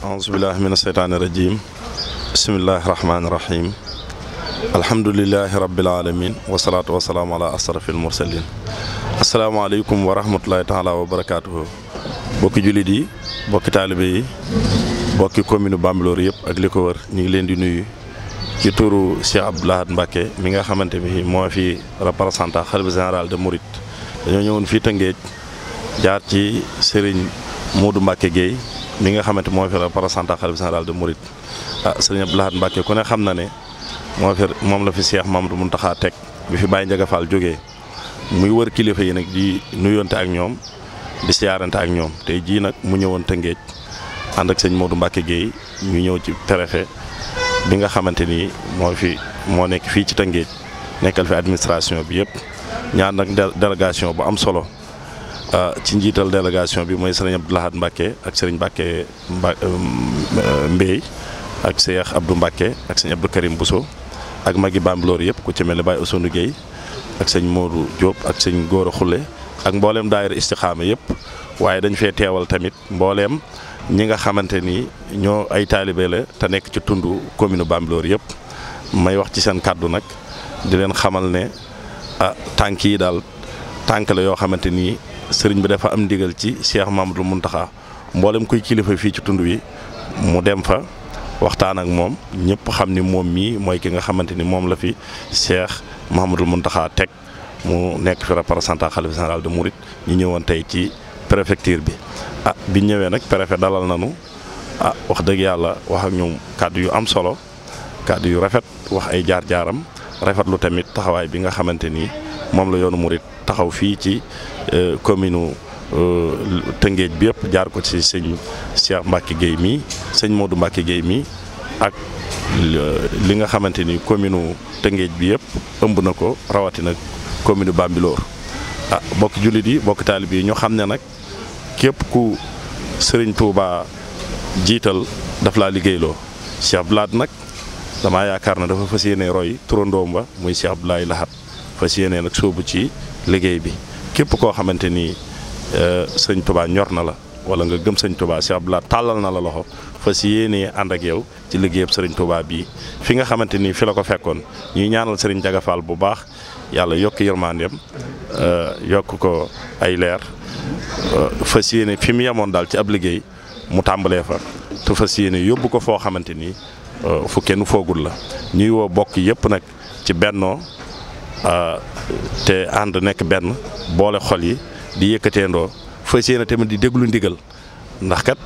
أعوذ بالله من الشيطان الرجيم بسم الله الرحمن الرحيم الحمد لله رب العالمين والصلاة والسلام على أشرف المرسلين السلام عليكم ورحمة الله تعالى وبركاته بوكي جوليدي بوكي طالبي بوكي كومينو بامبلو ريب اك ليكو وور نيغي لين دي نوي كي تورو شيخ عبد الله مباكي ميغا خامتاني في مو في ريبرسانتا خلب جنرال دو موريت دا نيون في تانغيت جار سيرين مودو مباكي جي mi nga xamante moo fi représentant xalifa général de Mouride ah sëriñ Abdou Lahad Mbacke ku ne xam na ne moo fi moom la fi Cheikh Mamadou Mountakha teg bi fi Baye Ndiaga Fall jógee muy wër kilifa yi nag di nuyonte ak ñoom di siyaarante ak ñoom tey jii nag mu ñëwoon Tëngéej ànd ak sëñ Modou Mbacke Guèye ñu ñëw ci préfet bi nga xamante ni moo fi moo nekk fii ci Tëngéej nekkal fi administration bi yëpp ñaar nag délégation bu am solo. Euh, ci njital délégation bi moy serigne Abdou Lahad Mbacke ak serigne Mbacke Mbey euh, ak Cheikh Abdou Mbacke ak serigne Abdou Karim Bousso ak magi Bambilor yëpp ku ci mel ne Baye Ousseynou Gueye ak serigne Modou Diop ak serigne goro Khoule ak mbollem daayira istikhama yëpp waye dañ fee téwal tamit mbollem ñi nga xamanteni ño ay talibé la ta nek ci tundu commune Bambilor yëpp may wax ci sen kaddu nak di len xamal ne ah tànk yi la yo xamanteni sëriñ bi dafa am ndigal ci Cheikh Mamadou Mountakha mboolem kuy kilifa fii ci tund wi mu dem fa waxtaan ak moom ñëpp xam ni moom mii mooy ki nga xamante ni moom la fi Cheikh Mamadou Mountakha teg mu nekk fi représentant xalifa général de Mouride ñu ñëwoon tey ci préfecture bi. ah bi ñëwee nag préfet dalal nañu ah wax dëgg yàlla wax ak ñoom kàddu yu am solo kàddu yu rafet wax ay jaar-jaaram rafetlu tamit taxawaay bi nga xamante ni moom la yoonu Mouride. taxaw fii ci euh, commune euh, Tëngéej bi yëpp jaar ko ci sëñ Cheikh Mbacke Guèye mii sëñ Modou Mbacke géey mii ak euh, li nga xamante ni commune Tëngéej bi yëpp ëmb na ko rawatina commune Bambilor ah bokk jullit yi bokk taalib yi ñu xam ne nag képp ku sëriñ Touba jiital daf laa liggéey loo Cheikh Blad nag damaa yaakaar na dafa fas yéene roy turandoom ba muy Cheikh Abdoulaye Lahat fas yéene nag soobu ci liggéey bi képp koo xamante ni euh, sëñ Touba ñor na la wala nga gëm sëñ Touba si Abdoulaye tàllal na la loxo fas yéene ànd ak yow ci liggéeyam sëriñ Touba bii fi nga xamante ni fi la ko fekkoon ñuy ñaanal sëriñ Jaga Fall bu baax yàlla yokk yërmandeem euh, yokk ko ay leer euh, fas yéene fi mu yemoon daal ci ab liggéey mu tàmbalee fa te fas yéene yóbbu ko foo xamante ni fu kenn foogul la ñuy woo bokk yëpp nag ci bennoo te ànd nekk benn boole xol yi di yëkkateendoo fas yéene tamit di déglu ndigal ndax kat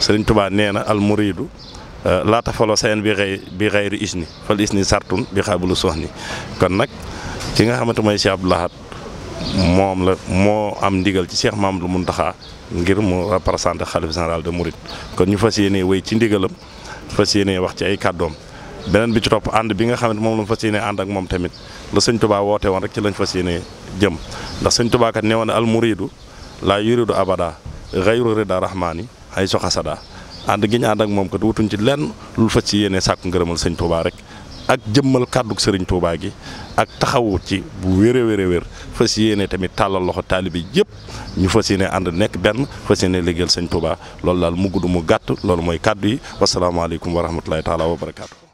sëriñ Tuubaa nee na al muridu euh, laa tafaloo sayen bi xëy bi xayri isni fal isni sartun bi xaabulu soxni kon nag ki nga xamante mooy Cheikh Abdoul Ahad moom la moo am ndigal ci Cheikh Mamadou Mountakha ngir mu représenté xalif général de Mouride kon ñu fas yéene wéy ci ndigalam fas yéene wax ci ay kàddoom beneen bi ci topp ànd bi nga xam ne moom la mu fas yéene ànd ak moom tamit la sëñ tubaa woote woon rek ci lañ fa yéene jëm ndax sañ tubaa kat nee woon al muridu laa yuridu abada xayru rida rahmaani ay soxasada ànd gi ñu ànd ak moom kat wutuñ ci lenn lu fas ci yéene sàkku ngërëmal sañ tubaa rek ak jëmmal kàddug sëriñ Touba gi ak taxawu ci bu wér a wér a fas yéene tamit tàllal loxo taalibi yëpp ñu fas yéene ànd nekk benn fas yéene liggéeyal sañ Touba loolu daal mu gudd mu gàtt loolu mooy kàddu yi wasalaamaaleykum wa rahmatulahi taala wa barakaatu.